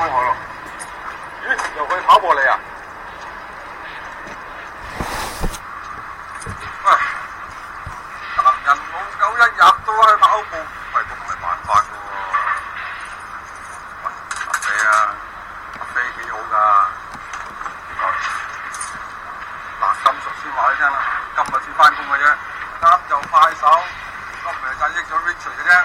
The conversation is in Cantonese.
好咯，咦，又可以跑步嚟啊？喂，男人老狗一日都去跑步，係我唔係辦法噶喂，阿飛啊，阿飛幾好噶。來，呃，阿金叔先話你聽啦，今日先翻工嘅啫，啱就快手，今日就益咗 Wintr 嘅啫。